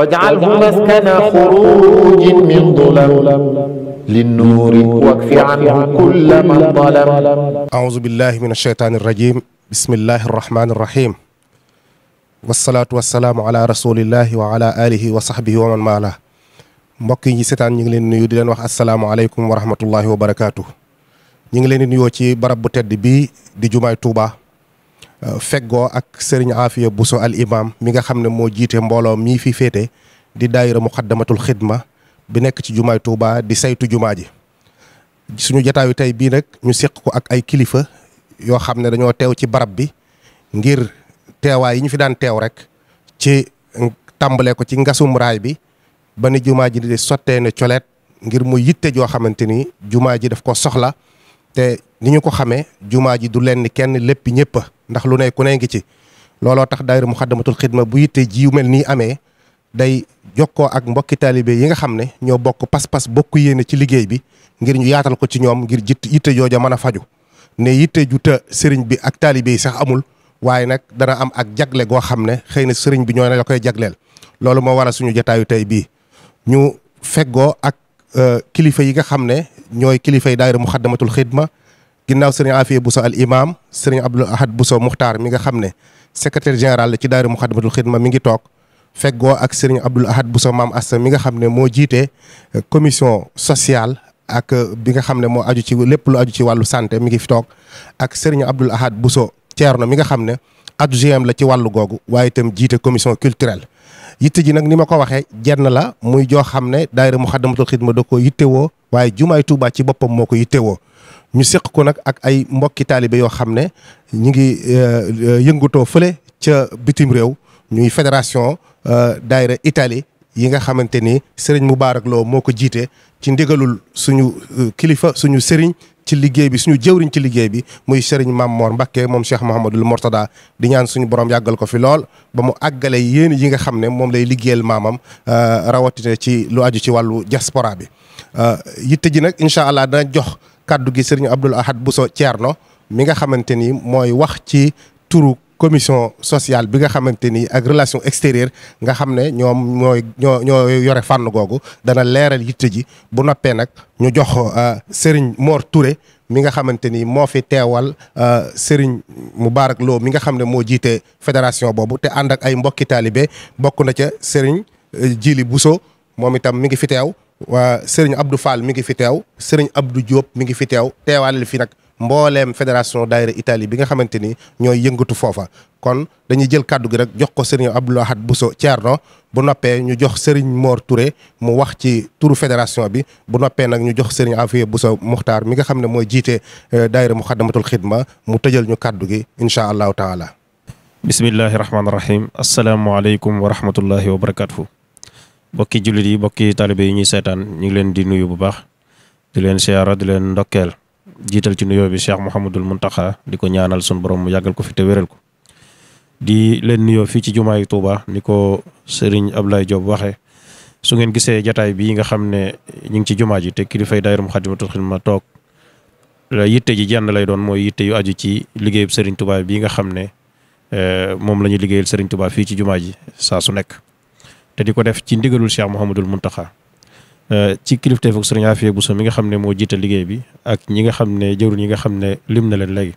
واجعله مسكن خروج من ظلم للنور واكف عنه كل من ظلم أعوذ بالله من الشيطان الرجيم بسم الله الرحمن الرحيم والصلاة والسلام على رسول الله وعلى آله وصحبه ومن والاه mbokk yi seetaan ñu ngi leen nuyu di leen wax asalaamaaleykum wa rahmatullahi wa barakaatu ñu ngi leen di nuyoo ci barab bu tedd bii di jumaay Touba Euh, feggoo ak sëriñ Afia bu al imam mi nga xam ne moo jiite mbooloo mii fi féete di daayira muxaddamatul xidma bi nekk ci jumaay Touba di saytu jumaa ji suñu jataayu tey bii nag ñu seq ko ak ay kilifa yoo xam ne dañoo teew ci barab bi ngir teewaay yi ñu fi daan teew rek ci tàmbalee ko ci ngasum raay bi ba ni jumaa ji di sottee ne coleet ngir mu yitte joo xamante ni jumaa ji def ko soxla te ni ñu ko xamee jumaa ji du lenn kenn lépp ñëpp ndax lu ne ku ne ngi ci looloo tax daayira Muxaddamatul Xidma bu yitte jiw mel nii amee day jokkoo ak mbokki taalibe yi nga xam ne ñoo bokk pas-pas bokk yéene ci liggéey bi ngir ñu yaatal ko ci ñoom ngir jitt yitte jooja mën faju ne yitte ju ta sëriñ bi ak taalibe yi sax amul waaye nag dana am ak jagle goo xam ne xëy na sëriñ bi ñoo ne la koy jagleel loolu moo waral suñu jotaayu tey bii ñu feggoo ak euh, kilifa yi nga xam ne ñooy kilifay daayira Muxaddamatul Xidma ginnaaw sëriñ Afia Bousso al imam sëriñ Abdul Ahad Bousso Muxtaar mi nga xam ne secrétaire général la ci daari Muxaddamatul Xidma mi ngi toog feggoo ak sëriñ Abdul Ahad Bousso maam Asta mi nga xam ne moo jiite euh, commission sociale ak euh, bi nga xam ne moo aju ci lépp lu aju ci wàllu santé mi ngi fi toog ak sëriñ Abdul Ahad Bousso Thierno mi nga xam ne adjoint la ci wàllu googu waaye itam jiite commission culturelle yitte ji nag ni ma ko waxee jenn la muy joo xam ne daayira Muxaddamatul Xidma da ko yittewoo waaye jumaay Tuubaa ci boppam moo ko yittewoo ñu seq ko nag ak ay mbokki taalibe yoo xam ne ñu ngi euh, euh, yëngatoo fële ca bitim réew ñuy fédération euh, daayira itali yi nga xamante ni Serigne Moubarak loo moo ko jiite ci ndigalul suñu kilifa suñu Serigne ci liggéey bi suñu jëwriñ ci liggéey bi muy Serigne maam Mor Mbacké moom Cheikh Mouhamadul Mortada di ñaan suñu borom yàggal ko fi lool ba mu àggale yéen yi nga xam ne moom lay liggéeyal maamam rawatina ci lu aju ci wàllu diaspora bi yitte ji nag incha allah dana jox. kaddu gi sëriñ Abdoul Ahad Bousso Thierno mi nga xamante ni mooy wax ci turu commission sociale bi nga xamante ni ak relation extérieure nga xam ne ñoom ñooy ñoo yore fànn googu dana leeral yitte ji bu noppee nag ñu jox euh, sëriñ Mor Touré mi nga xamante ni moo fi teewal euh, Serigne Moubarak Lo mi nga xam ne moo jiite fédération boobu te ànd ak ay mbokki taalibe bokk na ca Serigne euh, Jili Bousso moom itam mi ngi fi teew. waa sëriñ Abdou Fall mi ngi fi teew sëriñ Abdou Diop mi ngi fi teew teewaaleel fi nag mbooleem fédération daayira Italie bi nga xamante ni ñooy yëngatu foofa kon dañuy jël kàddu gi rek jox ko sëriñ Abdoul Ahad Bousso Thierno bu noppee ñu jox sëriñ Mor Touré mu wax ci turu fédération bi bu noppee nag ñu jox sëriñ Afiye Bousso Muxtaar mi nga xam ne mooy jiite euh, daayira Muxaddamatul Xidma mu tëjal ñu kàddu gi incha allahu taala bismillahi rahmaani rahim asalaamualeykum wa rahmatullahi wa barakatuhu bokki jullit yi bokki taalibe yi ñuy seetaan ñu ngi leen di nuyu bu baax di leen siyaara di leen ndokkeel jiital ci nuyoo bi Cheikh Mouhamadul Muntaxa di ko ñaanal sun borom mu yàggal ko fi te wéral ko di leen nuyoo fii ci jumaa jumaayu Touba ni ko Serigne Ablaye Diop waxee su ngeen gisee jataay bii nga xam ne ñu ngi ci jumaa ji te kilifay daayira Moukhaddamatoul Khidma toog la yitte ji jenn lay doon mooy yitte yu aju ci liggéeyub Serigne Touba bii nga xam ne eh, moom la ñu liggéeyal Serigne Touba fii ci jumaa ji saa su nekk. te di ko def ci ndigalul Cheikh Mouhamadul Mountakha euh, ci kilifteefug Sëriñ bu Bousso mi nga xam ne moo jiite liggéey bi ak ñi nga xam ne jëwriñ yi nga xam ne lim na leen léegi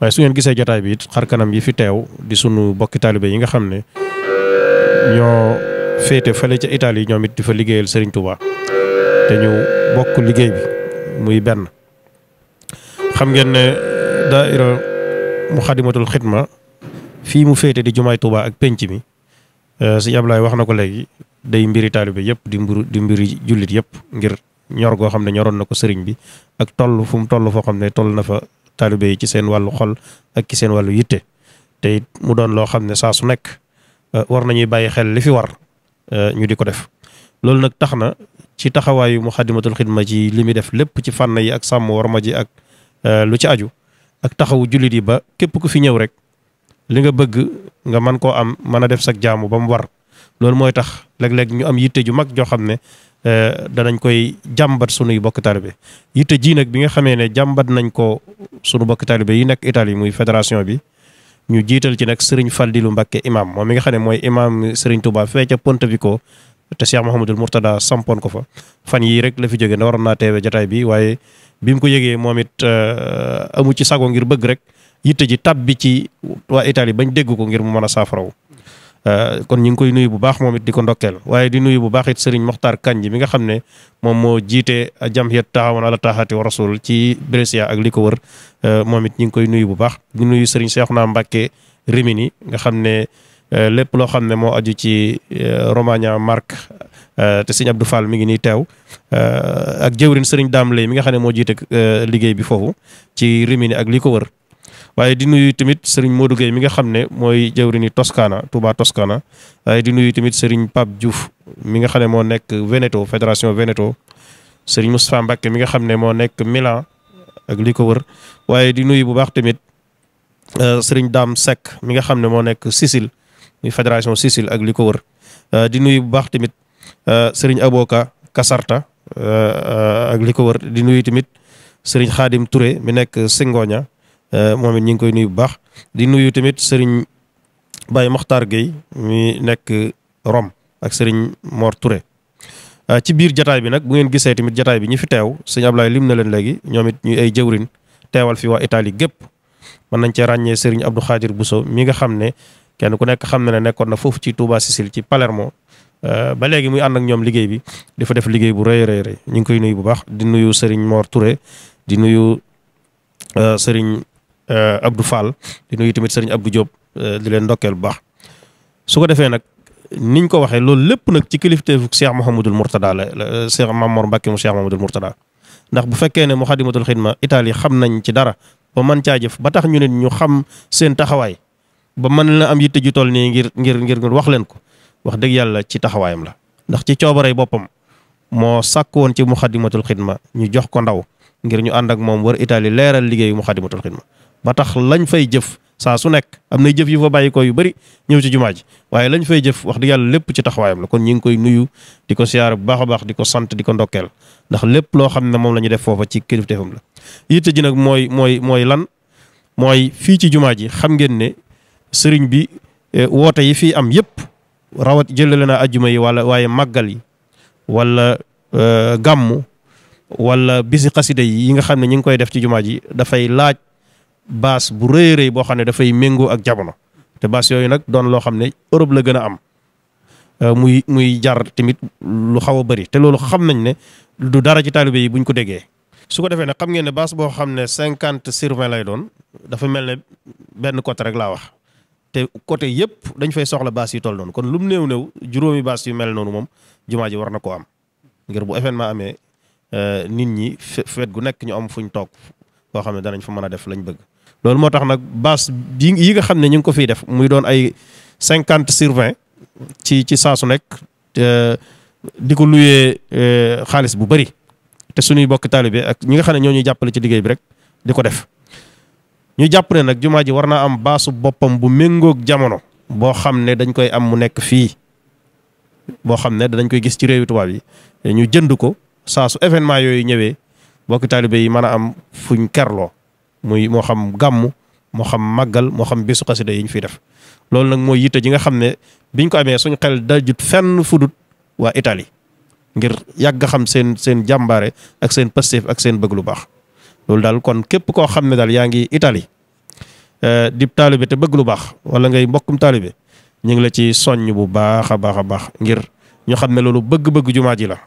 waaye su ngeen gisee jotaay bi it xar kanam yi fi teew di sunu bokki taalibe yi nga xam ne ñoo féete fële ca Italie ñoom it di fa liggéeyal Sëriñ Touba te ñu bokk liggéey bi muy benn xam ngeen ne daaira Muxaddamatul Xidma fii mu féete di jumaay Touba ak penc mi Eh, sëñ Ablaye wax na ko léegi day mbiri taalibe yëpp di mburu di mbiri jullit yëpp ngir ñor goo xam ne ñoroon na ko sëriñ bi ak toll fu mu toll foo xam ne toll na fa taalibe yi ci seen wàllu xol ak ci seen wàllu yitte tey mu doon loo xam ne saa su nekk eh, war na ñuy bàyyi xel li fi war eh, ñu di ko def loolu nag tax na ci taxawaayu Muxaddamatul Xidma ci li muy def lépp ci fànna yi ak sàmm warma ji ak lu ci aju ak taxawu jullit yi ba képp ku fi ñëw rek li nga bëgg nga mën koo am mën a def sag jaamu ba mu war loolu mooy tax léeg-léeg ñu am yitte ju mag joo xam ne eh, danañ koy jàmbat sunuy bokk taalibe yitte ji nag bi nga xamee ne jàmbat nañ ko sunu bokk taalibe yi nekk Italie muy fédération bi ñu jiital ci nag Serigne Faldilu Mbakke imam moom mi nga xam ne mooy imaam Serigne Touba fee ca Pontevico te Cheikh Mouhamadul Mourtada sampoon ko fa fan yii rek la fi jógee na waroon naa teewe jataay bi waaye bi mu ko yëgee moom it eh, amu ci sago ngir bëgg rek. yitte ji tab bi ci waa itali bañ dégg ko ngir mu mën a saafaraw euh, kon ñu ngi koy nuyu bu baax moomit di ko ndokkeel waaye di nuyu bu baax it Serigne Mokhtar Kandji mi nga xam ne moom moo jiite jamhiyat taawun ala taahati wa rasul ci Brescia ak li ko wër euh, moom it ñu ngi koy nuyu bu baax di nuyu Serigne Cheikhouna Mbacké Rimini nga xam ne euh, lépp loo xam ne moo aju ci Romagna mark te sëñ Abdou Fall mi ngi nii teew ak jëwrin sëriñ Dame mi nga xam ne moo jiite liggéey bi foofu ci Rimini ak li ko wër waaye di nuyu tamit sëriñ Modou mi nga xam ne mooy jawrini Toscana Touba Toscana waaye di nuyu tamit sëriñ Pape Diouf mi nga xam ne moo nekk Veneto fédération Veneto sëriñ Moustapha Mbacke mi nga xam ne moo nekk Milan ak li ko wër waaye di nuyu bu baax tamit euh, sëriñ Dame Seck mi nga xam ne moo nekk Sicile muy fédération Sicile ak li ko wër euh, di nuyu bu baax tamit euh, sëriñ Aboka Kasarta ak li ko wër di nuyu tamit sëriñ Xaadim Touré mi nekk Singoña Euh, moom it ñu ngi koy nuyu bu baax di nuyu tamit sëriñ Baye Mokhtar Gueye mi nekk Rome ak sëriñ Mor Touré. Euh, ci biir jataay bi nag bu ngeen gisee tamit jataay bi ñu fi teew sëñ Ablaye lim na leen léegi ñoomit it ñu ay jëwrin teewal fi waa Italie gépp mën nañ cee ràññee sëriñ Abdou Khadir Bousso mi nga xam ne kenn ku nekk xam na ne nekkoon na foofu ci Touba Sicile ci Palermo. Euh, ba léegi muy ànd ak ñoom liggéey bi di fa def liggéey bu rëy rëy ñu ngi koy nuyu bu baax di nuyu sëriñ Mor di nuyu sëriñ Euh, Abdou Fall di nuyu tamit sëriñ Abdou Diop euh, di leen ndokkeel bu baax su ko defee nag niñ ko waxee loolu lépp nag ci kilifteefu Cheikh Mouhamadul Mourtada la la euh, Cheikh Mamour Mbacke mu Cheikh Mouhamadul Mourtada ndax bu fekkee ne Moukhaddamatoul Khidma itali xam nañ ci dara ba man caa jëf ba tax ñu ne ñu xam seen taxawaay ba mën la am yitte ji toll nii ngir ngir ngir ngir wax leen ko wax dëgg yàlla ci taxawaayam la ndax ci coobarey boppam moo sàkk woon ci Moukhaddamatoul Khidma ñu jox ko ndaw ngir ñu ànd ak moom wër Italie leeral liggéeyu Moukhaddamatoul Khidma ba tax lañ fay jëf saa su nekk am nay jëf yu fa bàyyi ko yu bari ñëw ci jumaa ji waaye lañ fay jëf wax dëgg yàlla lépp ci taxawaayam la kon ñi ngi koy nuyu di ko siyaare bu baax a baax di ko sant di ko ndokkeel ndax lépp loo xam ne moom la ñu def foofa ci kilifteefam la yitte ji nag mooy mooy mooy lan mooy fii ci jumaa ji xam ngeen ne sëriñ bi eh, woote yi fii am yëpp rawat jëlale na ajjuma yi wala waaye màggal yi wala eh, gàmmu wala bisi xasida yi yi nga xam ne ñi ngi koy def ci jumaa ji dafay laaj baas bu rëyee rëy boo xam ne dafay méngoo ak jamono te baas yooyu nag doon loo xam ne Europe la gën a am euh, muy muy jar tamit lu xaw a bëri te loolu xam nañ ne du dara ci taalibe yi buñ ko déggee. su ko defee ne xam ngeen ne baas boo xam ne cinquante sur vingt lay doon dafa mel ne benn côté rek laa wax te côté yëpp dañ fay soxla baas yi toll doon kon lu mu néew néew juróomi baas yu mel noonu moom jumaa ji war na ko am ngir bu événement amee euh, nit ñi fet gu nekk ñu am fuñ toog boo xam ne fa mën a def lañ bëgg. loolu moo tax nag bâche yi yi nga xam ne ñu ngi ko fiy def muy doon ay cinquante sur vingt ci ci saa su nekk di ko luyee euh, xaalis bu bëri te suñuy bokk taalibee ak ñi nga xam ne ñoo ñuy jàppale ci liggéey bi rek di ko def ñu jàpp ne nag jumaa ji war na am baasu boppam bu méngoog jamono boo xam ne dañ koy am mu nekk fii boo xam ne dañ koy gis ci réewi tubaab yi ñu jënd ko saa su événement yooyu ñëwee bokk taalibe yi mën a am fuñ kerloo muy moo xam gàmmu moo xam màggal moo xam bésu xasida yi ñu fiy def loolu nag mooy yitte ji nga xam ne biñ ko amee suñu xel dajut fenn fudut waa itali ngir yàgg xam seen seen jàmbaare ak seen pastéef ak seen bëgg lu baax loolu daal kon képp koo xam ne daal yaa ngi Italie euh, di taalibe te bëgg lu baax wala ngay mbokkum taalibe ñu ngi la ci soññ bu baax a baax a baax ngir ñu xam ne loolu bëgg-bëgg jumaa ji la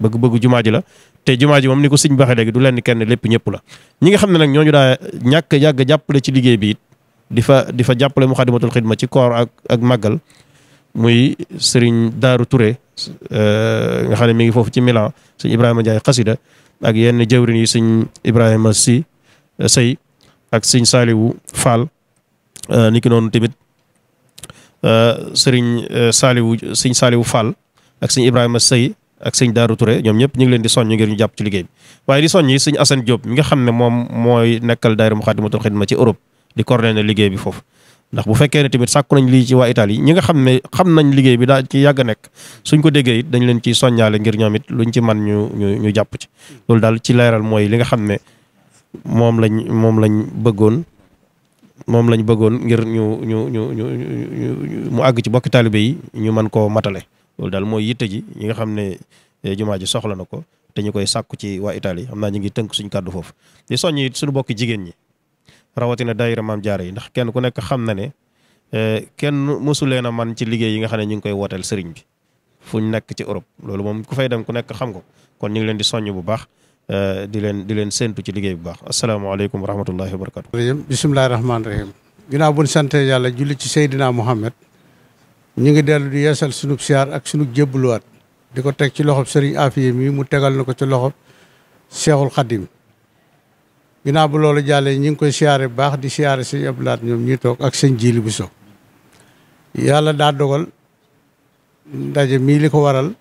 bëgg-bëgg jumaa ji la te jumaa ji moom ni ko sëñ waxee léegi du leen kenn lépp ñëpp la ñi nga xam ne nag ñooñu daa ñàkk yàgg jàppale ci liggéey bi di fa di fa jàppale Muxaddamatul Xidma ci koor ak ak màggal muy sëriñ Daaru Touré euh, nga xam ne mi ngi foofu ci Milan sëñ Ibrahima Ndiaye xasida ak yenn jëwrin yi sëñ Ibrahima si euh, sëy ak sëñ Saaliwu Fall euh, ni ki noonu tamit sëriñ Saaliwu sëñ Saaliwu Fall ak sëñ Ibrahima sëy ak sëñ Daaru Touré ñoom ñëpp ñu ngi leen di soññ ngir ñu jàpp ci liggéey bi waaye di soññ sëñ Assane Diop mi nga xam ne moom mooy nekkal daayira Muxaddamatul Xidma ci Europe di ne liggéey bi foofu ndax bu fekkee ne tamit sàkku nañ lii ci waa Italie ñi nga xam ne xam nañ liggéey bi daa ci yàgg a nekk suñ ko déggee it dañ leen ciy soññaale ngir ñoomit it luñ ci man ñu ñu ñu jàpp ci loolu daal ci leeral mooy li nga xam ne moom lañ moom lañ bëggoon moom lañ bëggoon ngir ñu ñu ñu àgg ci bokki taalibe yi ñu mën koo matale loolu daal mooy yitte ji yi nga xam ne eh, jumaa ji soxla na ko te ñu koy sàkku ci waa Italie xam naa ñu ngi tënk suñ kàddu foofu di soññi suñu bokki jigéen ñi rawatina daayira maam jaara yi ndax kenn ku nekk xam na ne eh, kenn mosu leen a man ci liggéey yi nga xam ne ñu ngi koy wooteel sëriñ bi fu ñu nekk ci Europe loolu moom ku fay dem ku nekk xam ko kon ñu ngi leen di soñ bu baax eh, di leen di leen séntu ci liggéey bu baax asalaamaaleykum wa rahmatullahi wa barakatu bismillahi rahmaani rahim ginnaaw buñ sante yàlla julli ci Seydina Muhammad ñu ngi dellu di yeesal sunu siyaar ak sunu jébbluwaat di ko teg ci loxob sëriñ Afiya mii mu tegal na ko ci loxob Seexul Xadim ginnaaw bu loolu jàllee ñu ngi koy siyaare bu baax di siyaare sëñ Abdou Lahat ñoom ñuy toog ak sëñ Jili so yàlla daa dogal ndaje mii li ko waral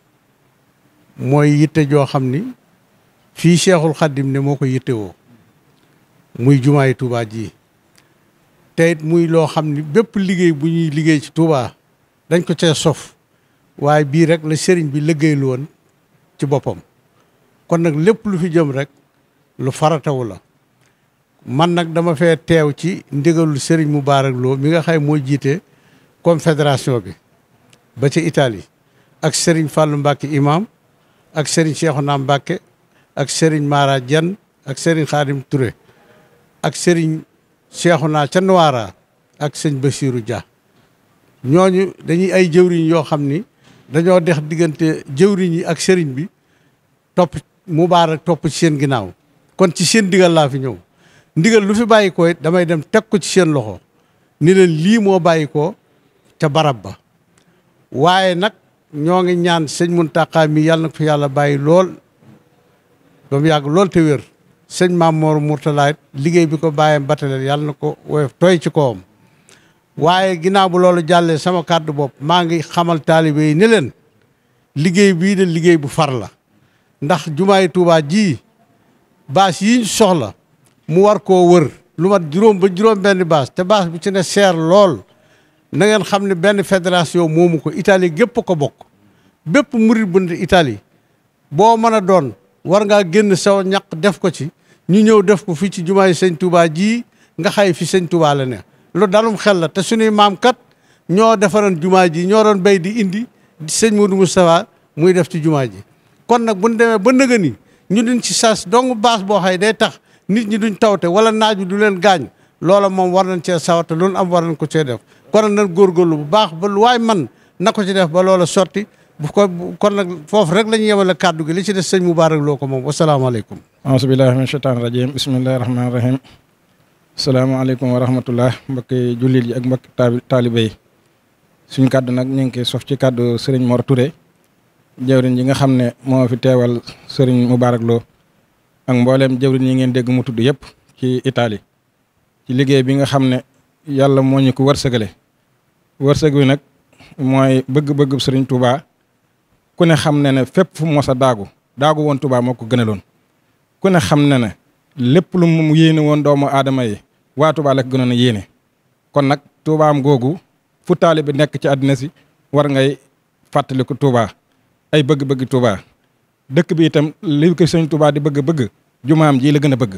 mooy yitte joo xam ni fii Seexul Xadim ne moo ko yittewoo muy jumaay Touba ji te it muy loo xam ni bépp liggéey bu ñuy liggéey ci Touba dañ ko cee sof waaye bii rek la sëriñ bi liggéeylu woon ci boppam kon nag lépp lu fi jëm rek lu faratawu la man nag dama fee teew ci ndigalul sëriñ Moubarak Lo mi nga xay moo jiite confédération bi ba ci Italie ak sëriñ Fallou Mbacke imam ak sëriñ naa Mbacke ak sëriñ Mara jen ak sëriñ Khadim Touré ak sëriñ Cheikhouna ca Nuwaara ak sëñ Bassirou Dia ñooñu dañuy ay jëwriñ yoo xam ni dañoo dex diggante jëwriñ yi ak sëriñ bi topp Mubaarak topp ci seen ginnaaw kon ci seen ndigal fi ñëw ndigal lu fi bàyyi ko damay dem teg ko ci seen loxo ni leen lii moo bàyyi ko ca barab ba waaye nag ñoo ngi ñaan sëñ Muntaqa mi yàlla na ko fi yàlla bàyyi lool ba yàgg lool te wér sëñ Maam Mor Murtalaay liggéey bi ko bàyyam bataleel yàlla na ko woyof tooy ci kawam waaye ginnaaw bu loolu jàllee sama kàddu bopp maa ngi xamal taalibe yi ne leen liggéey bii de liggéey bu far la ndax jumaay Tuubaa ji baas yi soxla mu war koo wër lu mat juróom ba juróom benn baas te baas bi ci ne seer lool na ngeen xam ne benn fédération moomu ko Italie gépp ko bokk bépp murit bu ne boo mën a doon war ngaa génn saw ñaq def ko ci ñu ñëw def ko fii ci jumaa jumaay sëñ Tuubaa ji nga xay fi sëñ Tuubaa la ne lu dalum xel la te suñuy maam kat ñoo defaroon jumaa ji ñoo doon béy di indi sëñ Modou Moustapha muy def ci jumaa ji kon nag bu ñu demee ba nëgë ni ñu duñ ci sas dong baas boo xay day tax nit ñi duñ tawte wala naaj bi du leen gaañ loola moom war nañ cee sawate loolu am war nañ ko cee def kon nag góorgóorlu bu baax ba lu waay man na ci def ba loola sotti bu ko kon nag foofu rek la ñu yemale kàddu gi li ci des sëñ Moubarak loo ko moom wasalaamaaleykum. aùzu billaahi mina shaytaani rajiim bismillaahi rahmaani rahiim. salaamaaleykum wa rahmatullah mbokki jullit yi ak mbokki taalibe yi suñ kàddu nag ñu ngi koy sof ci kàddu sëriñ Mor Touré jëwriñ yi nga xam ne moo fi teewal sëriñ Moubarak Lo ak mbooleem jëwriñ yi ngeen dégg mu tudd yëpp ci Italie ci liggéey bi nga xam ne yàlla moo ñu ko wërsëgale wërsëg wi nag mooy bëgg-bëgg sëriñ Touba ku ne xam ne ne fépp fu mos a daagu daagu woon Touba moo ko gënaloon ku ne xam ne na lépp lu mu yéene woon doomu aadama yi waa Touba la ko gënoon a yéene kon nag Toubaam googu fu taalibe bi nekk ci àddina si war ngay fàttaliku Touba ay bëgg-bëgg Touba dëkk bi itam li ko sëñ Touba di bëgg-bëgg jumaam jii la gën a bëgg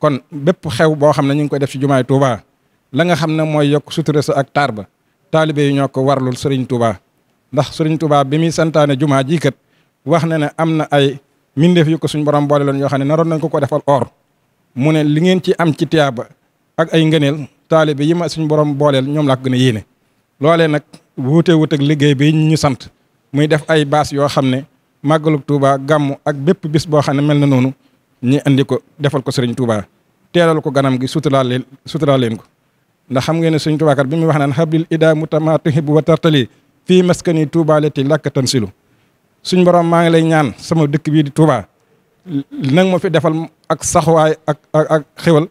kon bépp xew boo xam ne ñu ngi koy def ci jumaay Touba la nga xam ne mooy yokk sutura sa ak taar ba taalibe yi ñoo ko warlul sëriñ Touba ndax sëriñ Touba bi muy santaane jumaa jii kat wax na ne am na ay mbindeef yu ko suñ borom boole loon yoo xam ne naroon nañ ko ko defal or mu ne li ngeen ci am ci tiyaaba ak ay ngëneel taalibe yi ma suñu borom booleel ñoom laa ko gën a yéene loolee nag wuute wut ak liggéey bi ñu sant muy def ay baas yoo xam ne màggalu Touba gàmm ak bépp bis boo xam ne mel na noonu ñu andi ko defal ko sëriñ Touba teelal ko ganam gi suturaal leen suturaal leen ko ndax xam ngeen ne sëriñ Touba kat bi muy wax naan hablil ida mutama tuhib wa tartali fii maskani Touba lati lakka tansilu suñ borom maa ngi lay ñaan sama dëkk bii di Touba nag ma fi defal ak saxwaay ak ak xéwal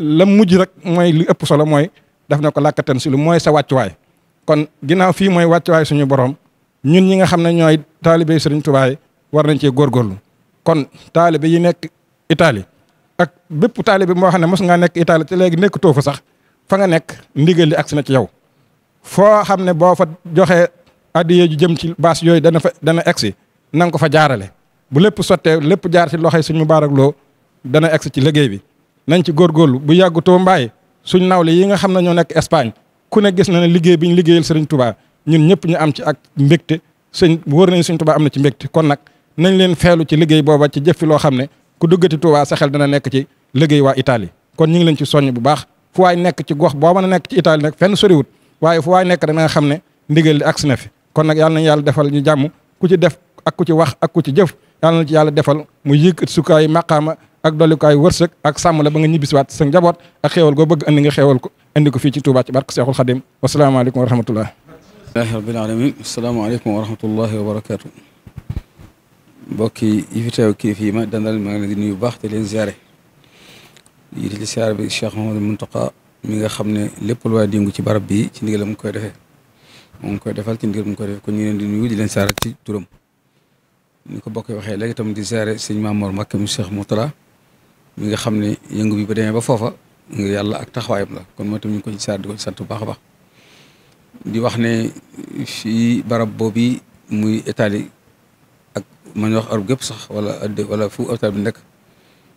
la mujj rek mooy li ëpp solo mooy daf na ko làkkatan si lu mooy sa wàccuwaay kon ginnaaw fii mooy wàccuwaay suñu borom ñun ñi nga xam ne ñooy taalibe Sëriñ Tuubaa war nañ cee góorgóorlu kon taalibe yi nekk Italie ak bépp taalibe moo xam ne mos ngaa nekk Italie te léegi nekk fa sax fa nga nekk ndigal li si na ci yow foo xam ne boo fa joxee addiye ju jëm ci baas yooyu dana fa dana egsi na nga ko fa jaarale bu lépp sottee lépp jaar si loxo loxoy suñu mubaarak loo dana egsi ci liggéey bi nañ ci góor góorlu bu yàggutoo mbaay suñ nawle yi nga xam ne ñoo nekk Espagne ku ne gis na ne liggéey bi ñu liggéeyal Serigne Touba ñun ñëpp ñu am ci ak mbégte sëñ wóor nañ suñ Touba am na ci mbégte kon nag nañ leen feelu ci liggéey booba ci jëf fi loo xam ne ku duggati Touba sa xel dana nekk ci liggéey waa Italie kon ñu ngi leen ci soññ bu baax fu waay nekk ci gox boo mën a nekk ci itaali nag fenn soriwut waaye fu waay nekk da xam ne ndigal li agsi na fi kon nag yàlla nañ yàlla defal ñu jàmm ku ci def ak ku ci wax ak ku ci jëf ci yàlla defal mu yëg sukaay maqaama ak dollikaayu wërsëg ak sàmm la ba nga ñibbisiwaat sa njaboot ak xéewal goo bëgg andi nga xéewal ko andi ko fii ci Touba ci barke Seexul Xadim wasalaamaaleykum wa rahmatullah alhamdulilahi rabbil alamin asalaamaaleykum wa rahmatullahi yi fi kii fii ma dandal maa ngi leen di nuyu baax te leen ziare yi di ziare bi Cheikh Mouhamadou Mountakha mi nga xam ne lépp lu waay dingu ci barab bii ci ndigal mu koy defee mu ngi koy defal ci ndigal mu koy defee kon ñu leen di nuyu di leen ziare ci turam ni ko bokk waxee léegi tam di ziare sëñ Mamour Mbacké mu Cheikh Moutala mi nga xam ne yëngu bi ba demee ba foofa ngir yàlla ak taxawaayam la kon moo tam ñu ngi ko ci saar di ko sant a baax wax ne fii barab boobu muy Italie ak man wax Europe gépp sax wala wala fu hôpital bi nekk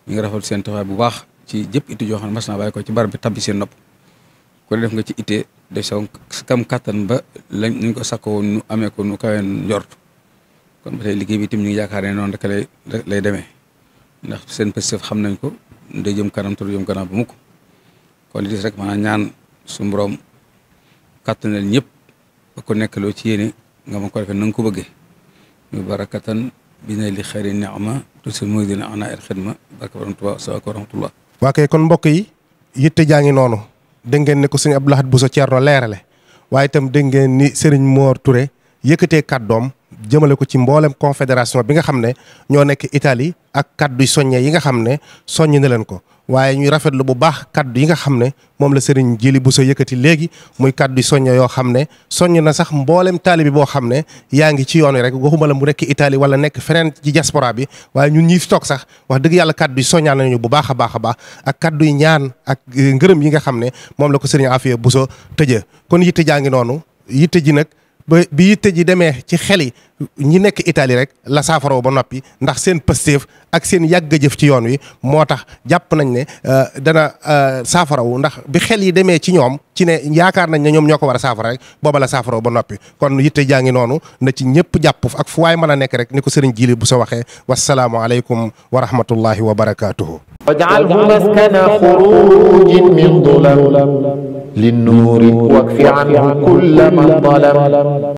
ñu ngi rafetlu seen taxawaay bu baax ci jëpp itti joo xam ne mas naa bàyyi ci barab bi tabbi seen nopp kon def nga ci ittee def sa kam kàttan ba lañ ñu ko sakko woon nu amee ko nu kaween njort kon ba tey liggéey bi itam ñu ngi yaakaar ne noonu rek lay lay demee ndax seen Pastef xam nañ ko day jëm kanam tur jëm kanam bu mukk kon li des rek maanaam ñaan suñu borom kàttanal ñëpp ba ko nekk ci yéene nga ma ko defee na nga ko bëggee ñu kattan bi ne li xëyri ni'ma tusi muy dina ana el xidma barka borom Tuubaa a wa rahmatullah waa kay kon mbokk yi yitte jaa ngi noonu dégg ngeen ne ko suñu Abdou Lahad Bousso Thierno leerale waaye itam dégg ngeen ni Serigne Mor Touré yëkkatee kàddoom jëmale ko ci mboolem confédération bi nga xam ne ñoo nekk itali ak kaddu soññe yi nga xam ne soññ na leen ko waaye ñuy rafetlu bu baax kaddu yi nga xam ne moom la Serigne Jili Bousso yëkkati léegi muy kaddu soññe yoo xam ne soññ na sax mboolem taalibi boo xam ne yaa ngi ci yoon wi rek waxuma la mu nekk Italie wala nekk feneen ci diaspora bi waaye ñun ñii fi toog sax wax dëgg yàlla kaddu yi soññaan nañu bu baax a baax a baax ak kaddu yi ñaan ak eh, ngërëm yi nga xam ne moom la ko Serigne Afia Bousso tëjee kon yitte jaa noonu yitte ji ba bi yitte ji demee ci xel yi ñi nekk Italie rek la saafaroo ba noppi ndax seen pëstéef ak seen yàgg jëf ci yoon wi moo tax jàpp nañ ne euh, dana euh, saafarawu ndax bi xel yi demee ci ñoom ci ne yaakaar nañ ne ñoom ñoo ko war a saafara rek booba la saafaroo ba noppi kon yitte jaa ngi noonu na ci ñëpp jàpp ak fu waay man a nekk rek ni ko sëriñ Jili bu sa waxee wasalaamu aleykum wa rahmatullahi wa barakaatuhu waj'alhu maskana xurujin min dulam linnuuri wakfi anhu kulla man dalam